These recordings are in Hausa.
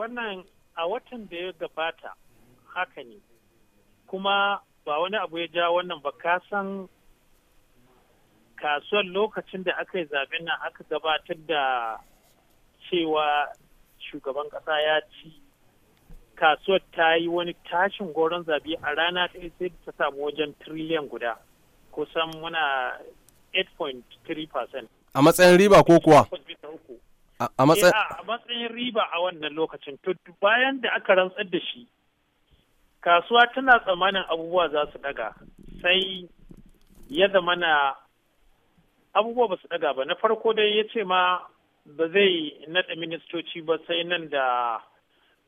wannan a watan da ya gabata haka ne kuma ba wani abu ya ja wannan ba ka san kasuwar lokacin da aka yi zaben nan aka gabatar da cewa shugaban ƙasa ya ci kasuwar ta yi wani tashin goron zabi a rana ta sai ta samu wajen triliyan guda kusan muna 8.3% a matsayin riba ko kuwa Eh, a matsayin riba a wannan lokacin to bayan da aka rantsar da shi kasuwa tana tsammanin abubuwa za su daga sai ya zama na abubuwa ba su daga ba na farko dai ya ce ma ba zai naɗa ministoci ba sai nan da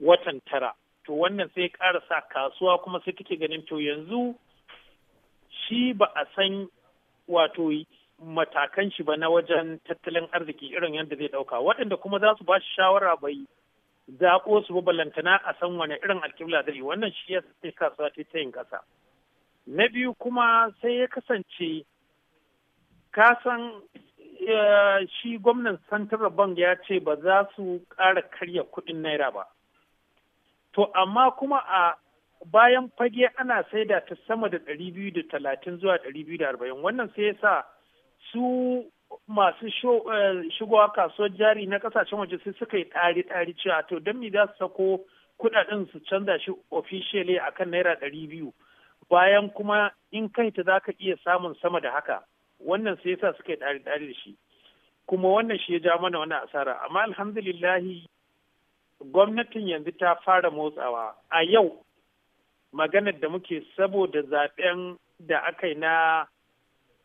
watan tara to wannan sai ƙara sa kasuwa kuma sai take ganin to yanzu shi ba a san wato matakan shi ba na wajen tattalin arziki irin yadda zai ɗauka waɗanda kuma za su ba shi shawara bai zaƙo su ballantana a san wani irin alkibla zai yi, wannan shi ya sai kasuwa ta ta yin ƙasa na biyu kuma sai ya kasance ka san shi gwamnan central bank ya ce ba za su ƙara karya kuɗin naira ba to amma kuma a bayan fage ana saida ta sama da 230 zuwa arba'in, wannan sai ya sa su masu eh, shigowa kasuwar jari na kasashen waje sai suka yi tsari tsari cewa to don me za su sako kudaden su canza shi officially akan naira ɗari biyu bayan kuma in kai ta za ka iya samun sama da haka wannan sai yasa suka yi tsari tsari da shi kuma wannan shi ya ja mana wani asara amma alhamdulillahi gwamnatin yanzu ta fara motsawa a yau maganar da muke saboda zaben da aka yi na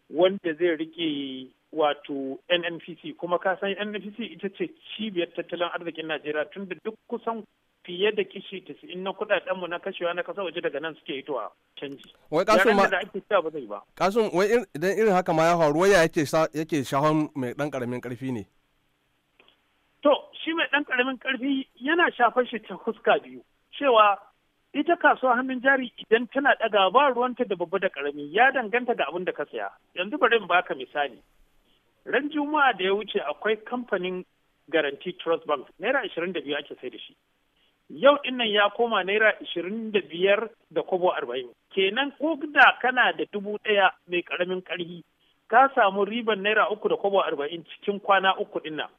wanda zai rike wato nnpc kuma ka san nnpc ita ce cibiyar tattalin arzikin najeriya tunda duk kusan fiye da kishi tisa'in na kudadenmu na kashewa na kasa waje daga nan suke hitowa canji wai kasum ma da ake kasum wai idan irin haka ma ya faru waya yake yake shahon mai dan karamin karfi ne to shi mai dan karamin karfi yana shafar shi ta huska biyu cewa ita kasuwa hannun jari idan tana ɗaga ba ruwanta da babba da karami ya danganta da abin da ka saya yanzu bari in baka misali ran juma'a da ya wuce akwai kamfanin garanti trust bank naira ashirin da biyu ake sai da shi yau dinnan ya koma naira ashirin da biyar da kobo arba'in kenan ko da kana da dubu ɗaya mai karamin karhi ka samu riban naira uku da kobo arba'in cikin kwana uku dinnan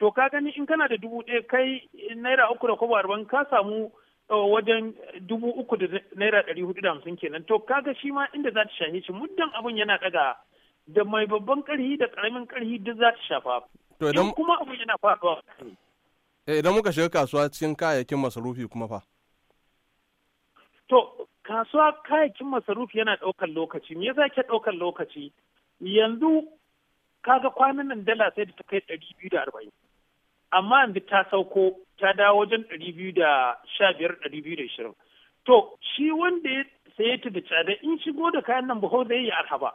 to ka gani in kana da dubu ɗaya kai naira uku da kobo arba'in ka samu wajen dubu uku da naira ɗari hudu da hamsin kenan to kaga shi ma inda za ta shahe shi muddan abin yana ɗaga da mai babban ƙarhi da ƙaramin ƙarhi duk za ta shafa to idan kuma abin yana faɗuwa eh, idan muka shiga kasuwa cikin kayayyakin masarufi kuma fa to kasuwa kayayyakin masarufi yana ɗaukar lokaci me yasa ke ɗaukar lokaci yanzu kaga kwanan nan dala sai da ta kai ɗari biyu da arba'in amma yanzu ta sauko ta dawo wajen ɗari biyu da sha biyar ɗari biyu da to shi wanda ya saye ta da tsada in shigo da kayan nan buhau zai yi arha ba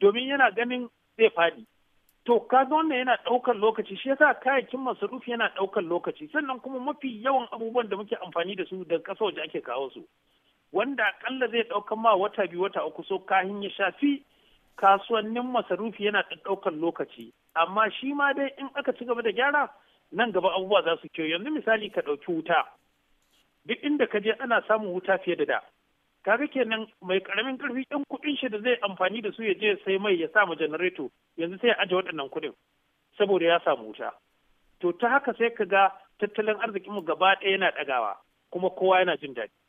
domin yana ganin zai faɗi to ka wannan yana ɗaukar lokaci shi yasa kayayyakin masarufi yana ɗaukar lokaci sannan kuma mafi yawan abubuwan da muke amfani da su da ƙasa waje ake kawo su wanda aƙalla zai ɗauka ma wata biyu wata uku so kahin ya shafi kasuwannin masarufi yana ɗaukar lokaci amma shi ma dai in aka ci gaba da gyara nan gaba abubuwa za su kyau yanzu misali ka ɗauki wuta duk inda ka je ana samun wuta fiye da da kaga kenan mai karamin karfi ɗan kuɗin shi da zai amfani da su ya je sai mai ya sa ma janareto yanzu sai ya aje waɗannan kuɗin saboda ya samu wuta to ta haka sai ka ga tattalin arzikinmu gaba ɗaya yana ɗagawa kuma kowa yana jin daɗi